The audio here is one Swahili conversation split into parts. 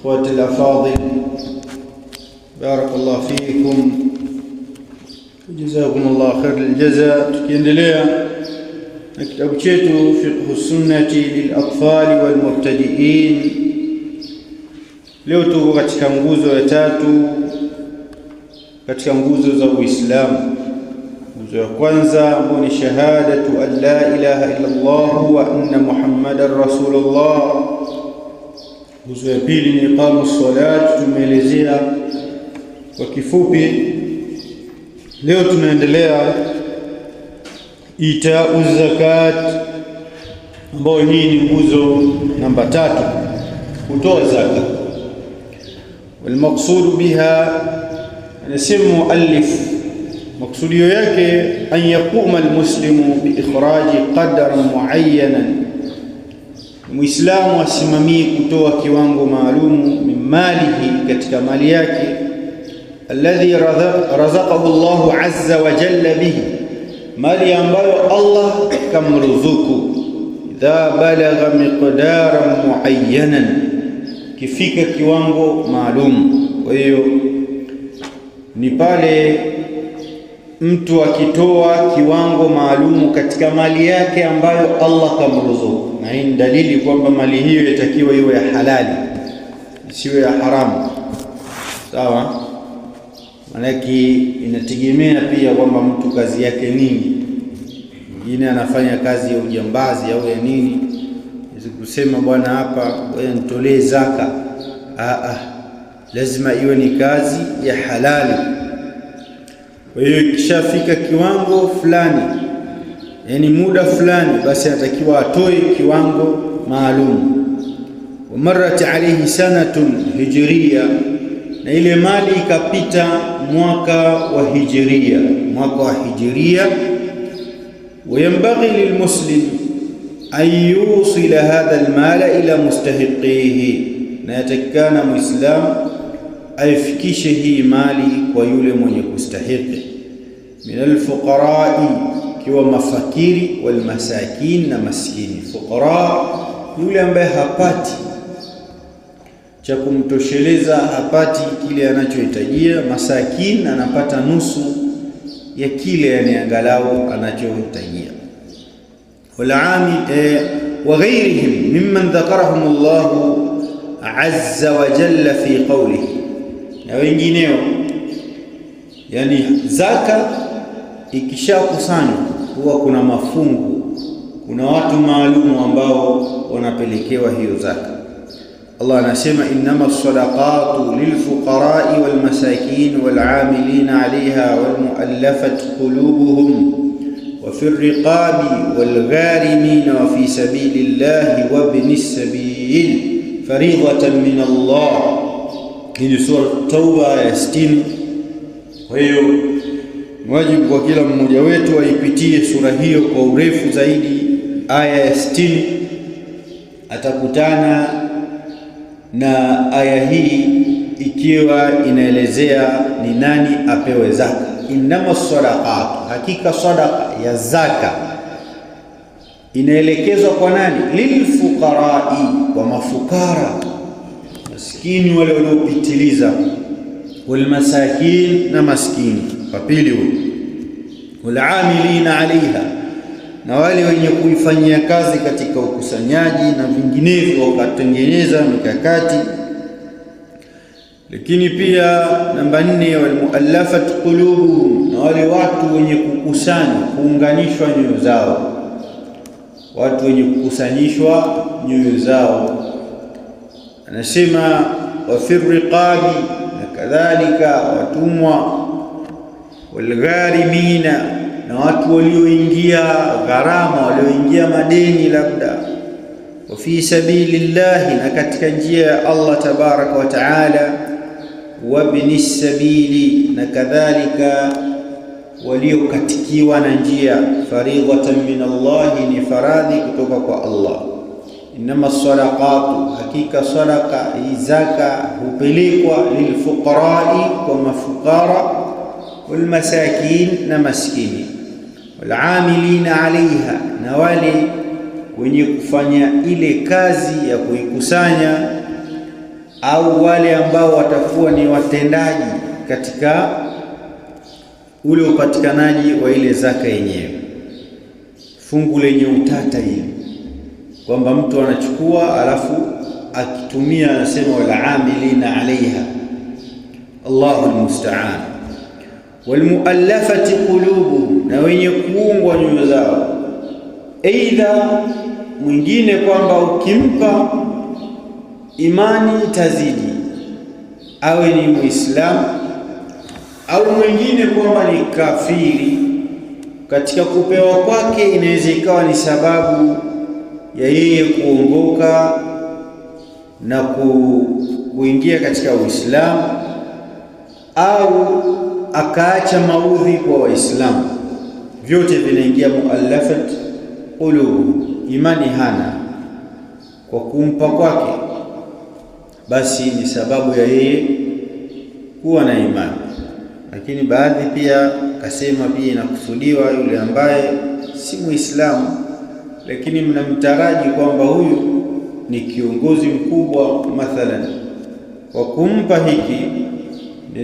اخوتي الافاضل بارك الله فيكم جزاكم الله خير الجزاء كندليا اكتب شيتو فقه السنه للاطفال والمبتدئين لوتو كاتيكا نغوزو يتاتو كاتيكا نغوزو زو الاسلام نغوزو كوانزا شهاده ان لا اله الا الله وان محمدا رسول الله Nguzo ya pili ni iqamu salat, tumeelezea kwa kifupi. Leo tunaendelea ita uzakat ambayo hii ni nguzo namba tatu, kutoa zaka. Walmaqsudu biha, anasema muallif, maksudio yake an yaquma almuslimu biikhraji qadran muayyanan Muislamu asimamie kutoa kiwango maalumu min malihi, katika mali yake, alladhi razaqahu Allahu azza wa jalla bihi, mali ambayo Allah kamruzuku. Idha balagha miqdara muayyanan, kifika kiwango maalum. Kwa hiyo ni pale mtu akitoa kiwango maalumu katika mali yake ambayo Allah kamruzuku, na hii ni dalili kwamba mali hiyo yatakiwa iwe ya halali, siwe ya haramu. Sawa, maanake inategemea pia kwamba mtu kazi yake nini. Mwingine anafanya kazi ya ujambazi au ya nini, kusema bwana, hapa nitolee zaka. Ah, lazima iwe ni kazi ya halali kwa hiyo ikishafika kiwango fulani, yani muda fulani, basi anatakiwa atoe kiwango maalum. Wa marrat alayhi sanatun hijria, na ile mali ikapita mwaka wa hijiria mwaka wa hijiria. Wayambaghi lilmuslim an yusila hadha almala ila mustahiqihi, na yatakikana muislamu aifikishe hii mali kwa yule mwenye kustahiki min alfuqarai, kiwa mafakiri, walmasakin, na maskini. Fuqara yule ambaye hapati cha kumtosheleza, hapati kile anachohitajia. Masakin anapata nusu ya kile yani angalau anachohitajia. Walami eh, wa ghairihim mimman dhakarahum llahu azza wa jalla fi qawlihi, na wengineo yani zaka ikishakusanywa huwa kuna mafungu, kuna watu maalumu ambao wanapelekewa hiyo zaka. Allah anasema innama sadaqatu lilfuqarai walmasakin walamilina alaiha walmuallafat qulubuhum wafi riqabi walgharimina wafi sabili llahi wabni sabil faridhatan min Allah. Hii ni sura Tauba ya 60. Kwa hiyo wajibu kwa kila mmoja wetu aipitie sura hiyo kwa urefu zaidi, aya ya sitini atakutana na aya hii ikiwa inaelezea ni nani apewe zaka. Innama sadaqatu, hakika sadaqa ya zaka inaelekezwa kwa nani? Lilfuqarai, kwa mafukara maskini wale waliopitiliza, walmasakin na maskini wa pili huyu, walamilina alaiha, na wale wenye kuifanyia kazi katika ukusanyaji na vinginevyo, wakatengeneza mikakati. Lakini pia namba nne, walmuallafat qulubuhum, na wale watu wenye kukusanya kuunganishwa nyoyo zao, watu wenye kukusanyishwa nyoyo zao, anasema wafirriqabi na kadhalika, watumwa walgharimina, na watu walioingia gharama, walioingia madeni labda, wafi fi sabilillahi, na katika njia ya Allah tabaraka wa taala, wabni sabili, na kadhalika waliokatikiwa na njia. Faridhatan min Allahi, ni faradhi kutoka kwa Allah. Innama sadaqatu, hakika sadaqa, zaka hupelekwa lilfuqarai, kwa mafukara walmasakin, na maskini, walamilina alaiha, na wale wenye kufanya ile kazi ya kuikusanya, au wale ambao watakuwa ni watendaji katika ule upatikanaji wa ile zaka yenyewe. Fungu lenye utata hili kwamba mtu anachukua alafu akitumia anasema walamilina alaiha, Allahu almusta'an walmuallafati qulubu, na wenye kuungwa nyoyo zao. Aidha mwingine kwamba ukimpa imani itazidi, awe ni Muislamu au mwingine kwamba ni kafiri, katika kupewa kwake inaweza ikawa ni sababu ya yeye kuongoka na kuingia katika Uislamu au akaacha maudhi kwa Waislamu, vyote vinaingia muallafat qulubu, imani hana kwa kumpa kwake, basi ni sababu ya yeye kuwa na imani. Lakini baadhi pia kasema pia inakusudiwa yule ambaye si Muislamu, lakini mnamtaraji kwamba huyu ni kiongozi mkubwa, mathalan kwa kumpa hiki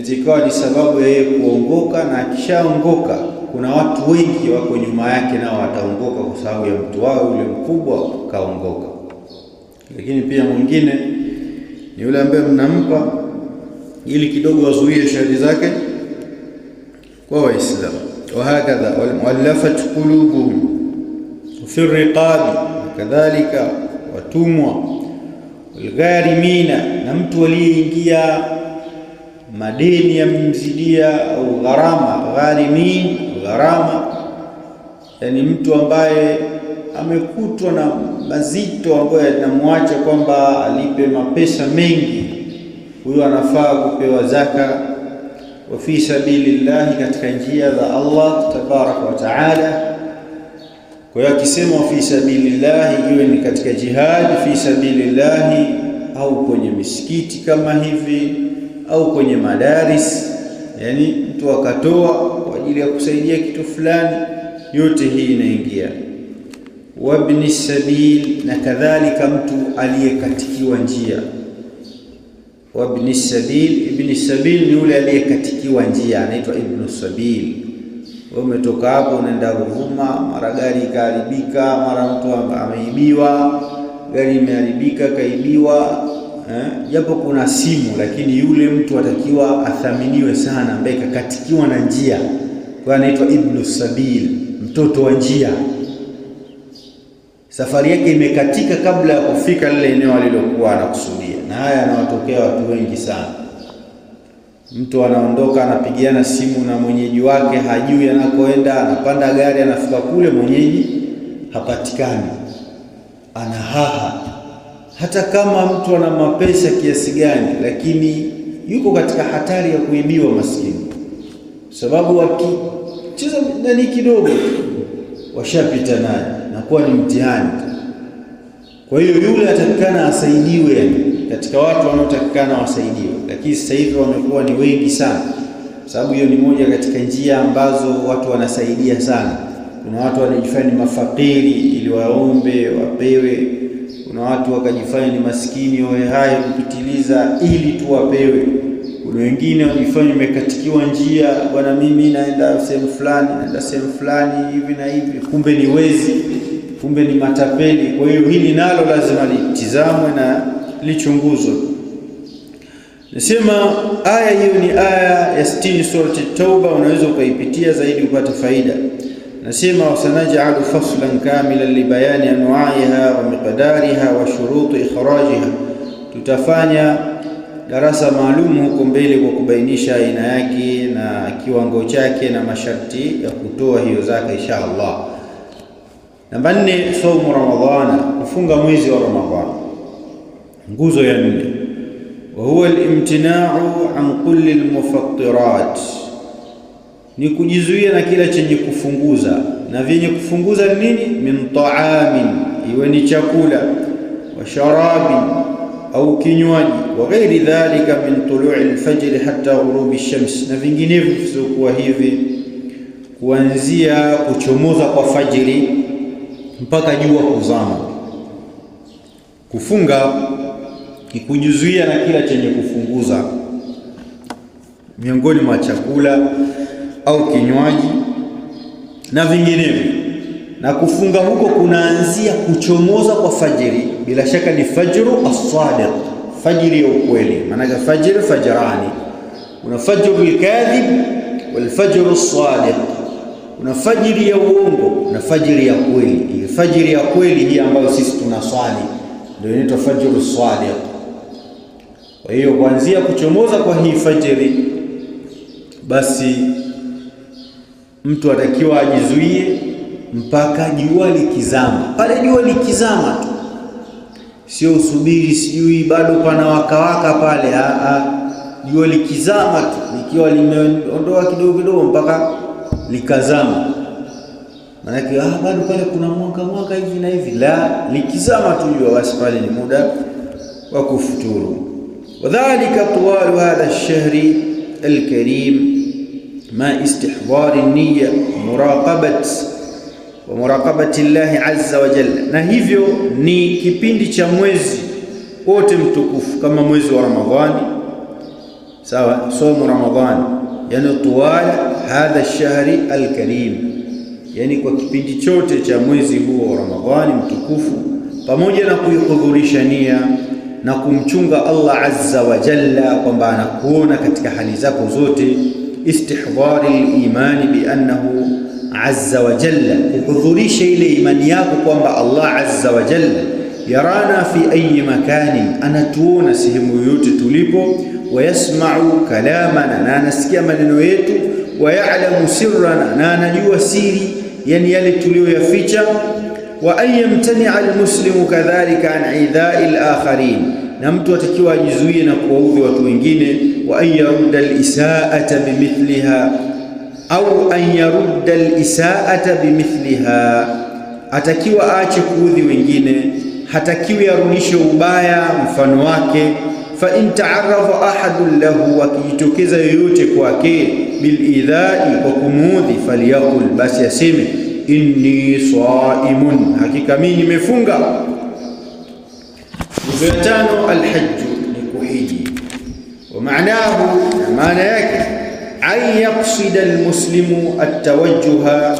zikawa ni sababu ya yeye kuongoka, na akishaongoka kuna watu wengi wako nyuma yake, nao wataongoka kwa sababu ya mtu wao yule mkubwa kaongoka. Lakini pia mwingine ni yule ambaye mnampa ili kidogo wazuie shari zake kwa Waislamu. Wahakadha walafat qulubuhum fi riqabi, kadhalika watumwa, walgharimina, na mtu aliyeingia madeni yamemzidia, au gharama gharimi gharama yani mtu ambaye amekutwa na mazito ambayo yanamwacha kwamba alipe mapesa mengi, huyo anafaa kupewa zaka. Wa fi sabilillahi, katika njia za Allah tabaraka wa taala. Kwa hiyo akisema wa fi sabilillahi, iwe ni katika jihad fi sabilillahi au kwenye misikiti kama hivi au kwenye madaris, yani mtu akatoa kwa ajili ya kusaidia kitu fulani, yote hii inaingia. Wabni sabil, na kadhalika mtu aliyekatikiwa njia. Wabni sabil, ibni sabil ni yule aliyekatikiwa njia, anaitwa ibnu sabil. Wewe umetoka hapo unaenda Ruvuma, mara gari ikaharibika, mara mtu ameibiwa, gari imeharibika, kaibiwa Eh? japo kuna simu lakini yule mtu atakiwa athaminiwe sana, ambaye kakatikiwa na njia, kwa anaitwa ibnu sabil, mtoto wa njia. Safari yake imekatika kabla ya kufika lile eneo alilokuwa anakusudia, na haya yanawatokea watu wengi sana. Mtu anaondoka anapigiana simu na mwenyeji wake, hajui anakoenda, anapanda gari, anafika kule, mwenyeji hapatikani, anahaha hata kama mtu ana mapesa kiasi gani, lakini yuko katika hatari ya kuibiwa maskini, sababu wakicheza nani kidogo washapita naye na kuwa ni mtihani. Kwa hiyo yule atakikana asaidiwe, yani katika watu wanaotakikana wasaidiwe, lakini sasa hivi wamekuwa ni wengi sana, sababu hiyo ni moja katika njia ambazo watu wanasaidia sana. Kuna watu wanajifanya ni mafakiri ili waombe wapewe kuna watu wakajifanya ni maskini wawe haya kupitiliza ili tu wapewe. Kuna wengine wajifanya umekatikiwa njia, bwana, mimi naenda sehemu fulani, naenda sehemu fulani hivi na hivi, kumbe ni wezi, kumbe ni matapeli. Kwa hiyo hili nalo lazima litizamwe na lichunguzwe. Nasema aya hiyo ni aya ya 60 sura Tauba, unaweza ukaipitia zaidi upate faida nasema wasanaj'alu faslan kamilan libayani anwaiha wa miqdariha wa shuruti ikhrajiha, tutafanya darasa maalum huko mbele kwa kubainisha aina yake na kiwango chake na masharti ya kutoa hiyo zaka insha Allah. Namba nne, saumu Ramadhana, kufunga mwezi wa Ramadhana. Nguzo ya nne, wa huwa al-imtina'u an kulli al-mufattirat ni kujizuia na kila chenye kufunguza, na vyenye kufunguza ni nini? Min taamin, iwe ni chakula, wa sharabi au kinywaji, wa ghairi dhalika min tului lfajri hatta ghurubi shams, na vinginevyo vizokuwa hivi, kuanzia kuchomoza kwa fajiri mpaka jua kuzama. Kufunga ni kujizuia na kila chenye kufunguza, miongoni mwa chakula au kinywaji na vinginevyo. Na kufunga huko kunaanzia kuchomoza kwa fajiri, bila shaka ni fajru as-sadiq, fajiri ya ukweli. Maanake fajiri fajrani, kuna fajru al-kadhib wal fajru as-sadiq, kuna fajiri ya uongo na fajiri ya kweli. Ile fajiri ya kweli hii ambayo sisi tunaswali ndio inaitwa fajru as-sadiq. Kwa hiyo kuanzia kuchomoza kwa hii fajiri basi mtu atakiwa ajizuie mpaka jua likizama. Pale jua likizama tu, sio usubiri sijui bado pana wakawaka pale. A, ah, a, ah. jua likizama tu likiwa limeondoa kidogo kidogo mpaka likazama, maanake ah, bado pale kuna mwanga mwanga hivi na hivi. La, likizama tu jua, basi pale ni muda wa kufuturu. Wadhalika tuwalu hadha lshahri alkarim ma istihdhari niyya muraqabat wa muraqabati llahi azza wa jalla. Na hivyo ni kipindi cha mwezi wote mtukufu kama mwezi wa Ramadhani, sawa, somu Ramadhani, yani tuwala hadha shahri alkarim, yani kwa kipindi chote cha mwezi huo wa Ramadhani mtukufu, pamoja na kuihudhurisha nia na kumchunga Allah azza wa jalla kwamba anakuona katika hali zako zote استحضار الايمان بانه عز وجل وحضوري شيء لمن يابق وما الله عز وجل يرانا في اي مكان انا تونا سهم يوت تليبو ويسمع كلامنا انا نسكي من ويعلم سرنا انا نجوى سيري يعني يلي يا فيتشا وان يمتنع المسلم كذلك عن عذاء الاخرين na mtu atakiwa ajizuie na kuwaudhi watu wengine, wa an yarudda lisaata bimithliha au an yarudda lisaata bimithliha, atakiwa aache kuudhi wengine, hatakiwi arudishe ubaya mfano wake. Fa in taarafa ahadun lahu, akijitokeza yoyote kwake, bilidhai, kwa kumuudhi, falyaqul, basi aseme inni saimun, hakika mimi nimefunga Nguzo ya tano alhaju ni kuhiji, wa maanahu, maana yake an yaksida almuslimu atawajjuha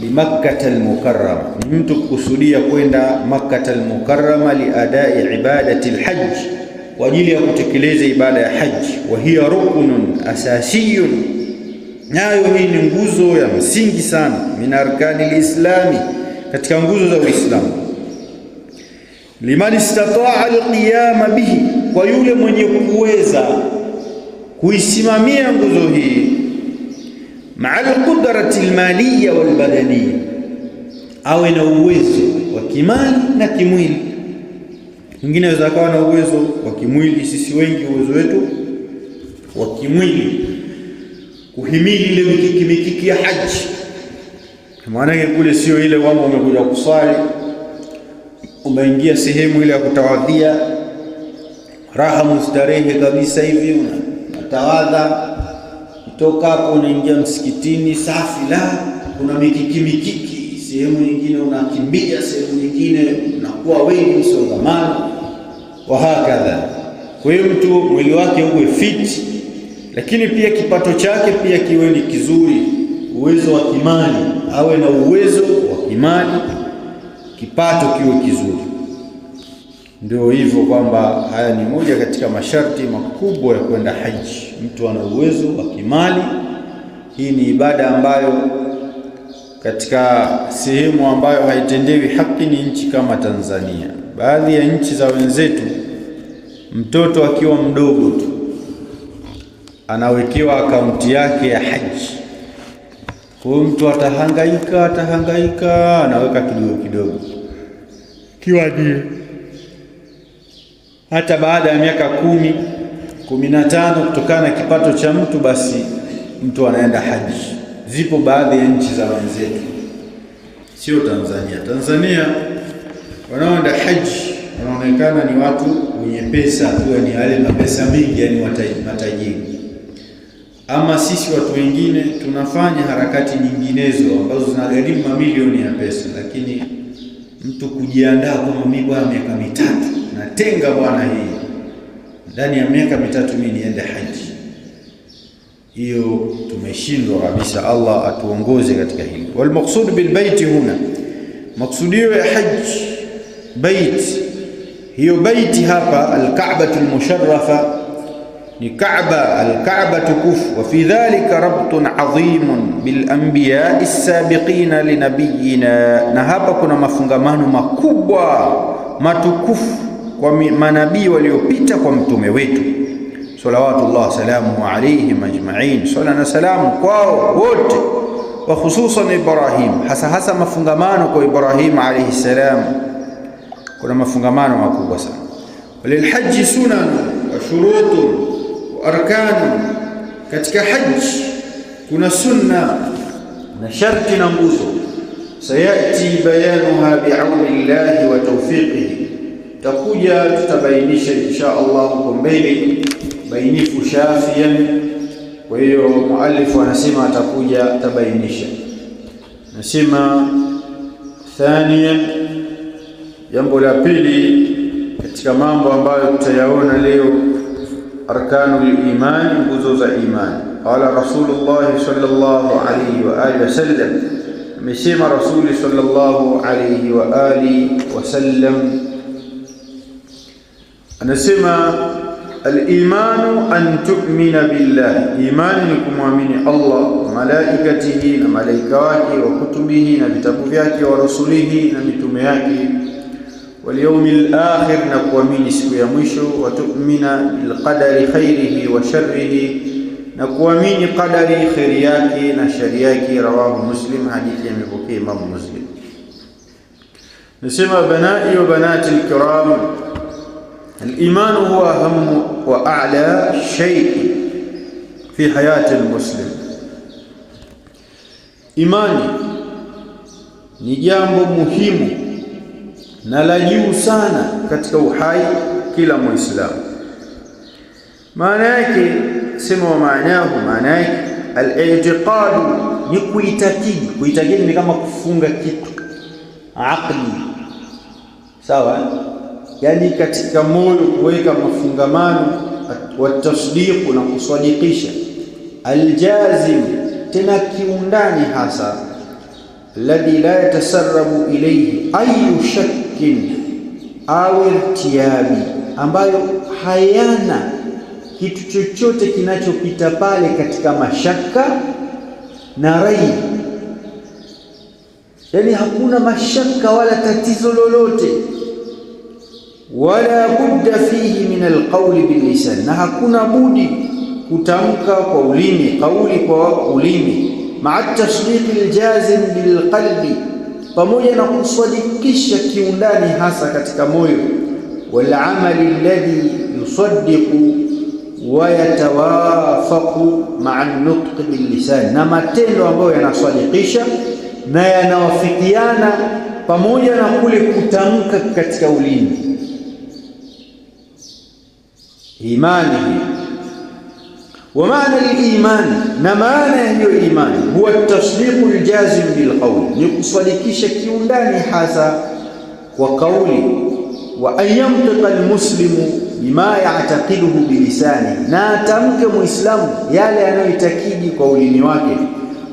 limakkata almukarrama, ni mtu kukusudia kwenda Makkata almukarrama liadai ibadati alhajj, kwa ajili ya kutekeleza ibada ya haji. Wa hiya ruknun asasiyun, nayo hii ni nguzo ya msingi sana, min arkani lislami, katika nguzo za Uislamu liman istataa alqiyama bihi, kwa yule mwenye kuweza kuisimamia nguzo hii, maa alqudrati almaliya walbadaniya, awe na uwezo wa kimali na kimwili. Mwingine aweza akawa na uwezo wa kimwili. Sisi wengi uwezo wetu wa kimwili kuhimili ile mikiki mikiki ya haji, maana kule sio ile kwamba umekuja kuswali umeingia sehemu ile ya kutawadhia, raha mustarehe kabisa hivi, unatawadha kutoka hapo unaingia msikitini, safi la kuna mikiki mikiki, sehemu nyingine unakimbia, sehemu nyingine unakuwa wengi, msongamano wa hakadha. Kwa hiyo mtu mwili wake uwe fiti, lakini pia kipato chake pia kiwe ni kizuri, uwezo wa kimali, awe na uwezo wa kimali kipato kiwe kizuri. Ndio hivyo kwamba haya ni moja katika masharti makubwa ya kwenda haji, mtu ana uwezo wa kimali. Hii ni ibada ambayo katika sehemu ambayo haitendewi haki ni nchi kama Tanzania. Baadhi ya nchi za wenzetu, mtoto akiwa mdogo tu anawekewa akaunti yake ya haji kwa hiyo mtu atahangaika atahangaika, anaweka kidogo kidogo kiwajie, hata baada ya miaka kumi kumi na tano kutokana na kipato cha mtu, basi mtu anaenda haji. Zipo baadhi ya nchi za wenzetu, sio Tanzania. Tanzania wanaoenda haji wanaonekana ni watu wenye pesa, akiwa ni wale mapesa mengi, yani matajiri ama sisi watu wengine tunafanya harakati nyinginezo ambazo zinagharimu mamilioni ya pesa, lakini mtu kujiandaa kwamba mimi bwana, miaka mitatu natenga bwana, hii ndani ya miaka mitatu mimi niende haji, hiyo tumeshindwa kabisa. Allah atuongoze katika hili. Wal maqsud bil bait huna, maksudio ya haji bait, hiyo baiti hapa alka'batul musharrafa ni Kaaba, al-Kaaba tukufu. wa fi dhalika rabtun adhimun bil anbiya as-sabiqina linabiyina, na hapa kuna mafungamano makubwa matukufu kwa manabii waliopita kwa mtume wetu salawatullah salamuhu alayhim ajma'in, sala na salamu kwao wote, wa hususan Ibrahim, hasa hasa mafungamano kwa Ibrahim alayhi salam. Kuna mafungamano makubwa sana. Walilhaji sunan wa shurutun arkani, katika haji kuna sunna na sharti na nguzo. Sayati bayanuha biauni llahi wa tawfiqihi, takuja tutabainisha insha Allah huko mbele, bainifu shafian. Kwa hiyo muallifu anasema atakuja tabainisha, nasema thania, jambo la pili katika mambo ambayo tutayaona leo arkanul imani, nguzo za imani. Qala Rasulullah sallallahu alayhi wa alihi wasallam, amesema Rasuli sallallahu alayhi wa alihi wasallam, anasema al an tu'mina billahi, imani ni kumwamini Allah wa malaikatihi, na malaika wake, wa kutubihi, na vitabu vyake, wa rasulihi, na mitume yake واليوم الآخر نقومين سوى مشو وتؤمن بالقدر خيره وشره نقومين قدر خيرياك نشرياك رواه مسلم حديث يمبوكي مم مسلم نسمى بنائي وبنات الكرام الإيمان هو أهم وأعلى شيء في حياة المسلم إيماني نجام مهم na la juu sana katika uhai kila Muislamu. Maana yake sema wa maanahu, maana yake al-i'tiqadu ni kuitakidi. Kuitakidi ni kama kufunga kitu aqli, sawa, yaani katika moyo kuweka mafungamano, wa tasdiqu, na kuswadikisha, aljazim, tena kiundani hasa, alladhi la yatasarrabu ilayhi ayu shakk mushrikin au irtiabi, ambayo hayana kitu chochote kinachopita pale katika mashaka na rai, yaani hakuna mashaka wala tatizo lolote wala budda fihi min alqauli billisan, na hakuna budi kutamka kwa ulimi, kauli kwa ulimi, maa tasdiqi ljazim bilqalbi pamoja na kusadikisha kiundani hasa katika moyo, walamali alladhi yusaddiqu wa yatawafaqu maa nutqi billisani, na matendo ambayo yanasadikisha na yanawafikiana pamoja na kule kutamka katika ulimi imani wa maana al-imani, na maana ya hiyo imani, huwa tasdiqu ljazim bilqauli, ni kusadikisha kiundani hasa kwa kauli, wa an yamtiqa almuslimu bima ya'taqiduhu bilisani, na atamke muislamu yale anayoitakidi kwa ulimi wake,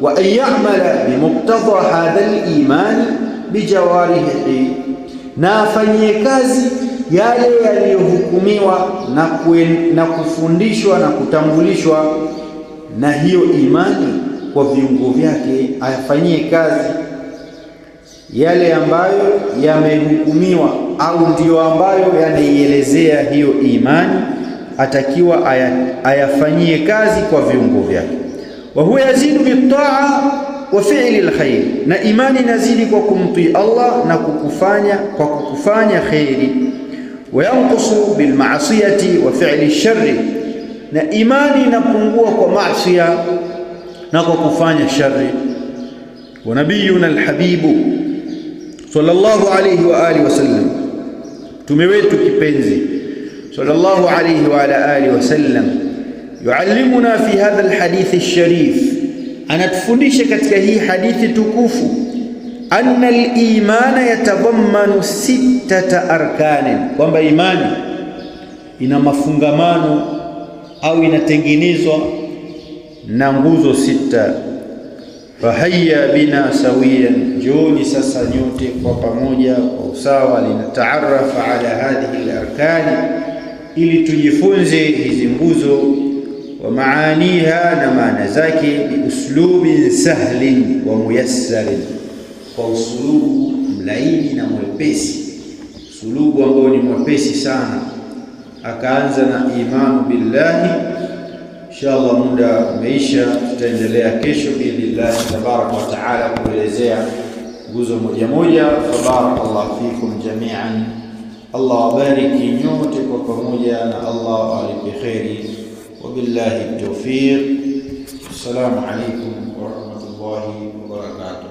wa an ya'mala bimuqtada hadha al-imani bijawarihih, na afanyie kazi yale yaliyohukumiwa na, na kufundishwa na kutambulishwa na hiyo imani kwa viungo vyake, ayafanyie kazi yale ambayo yamehukumiwa au ndiyo ambayo yanaielezea hiyo imani, atakiwa ayafanyie kazi kwa viungo vyake. wa huwa yazidu bitaa wa fi'li alkhairi, na imani inazidi kwa kumtii Allah na kukufanya kwa kukufanya kheri وينقص بالمعصية وفعل الشر نا إيماني نبقوا كمعصية نقو كفان الشر ونبينا الحبيب صلى الله عليه وآله وسلم تمويت كبنزي صلى الله عليه وعلى آله وسلم يعلمنا في هذا الحديث الشريف أن تفنشك هي حديث تكوفه anna al-imana yatadammanu sittata arkanin, kwamba imani ina mafungamano au inatengenezwa na nguzo sita. Fahayya bina sawiyan, njooni sasa nyote kwa pamoja kwa usawa, linataarafa ala hadhihi al-arkani, ili tujifunze hizi nguzo wa maaniha, na maana zake, biuslubin sahlin wa muyassarin kwa usulubu mlaini na mwepesi, sulubu ambao ni mwepesi sana. Akaanza na imanu billahi. Inshallah, muda umeisha, tutaendelea kesho biidhnillahi tabaraka wa taala kuelezea nguzo moja moja. Barakallahu fikum jamian, Allah wabariki nyote kwa pamoja, na Allah walipe kheri. Wabillahi tawfiq. Assalamu alaikum warahmatullahi wabarakatuh.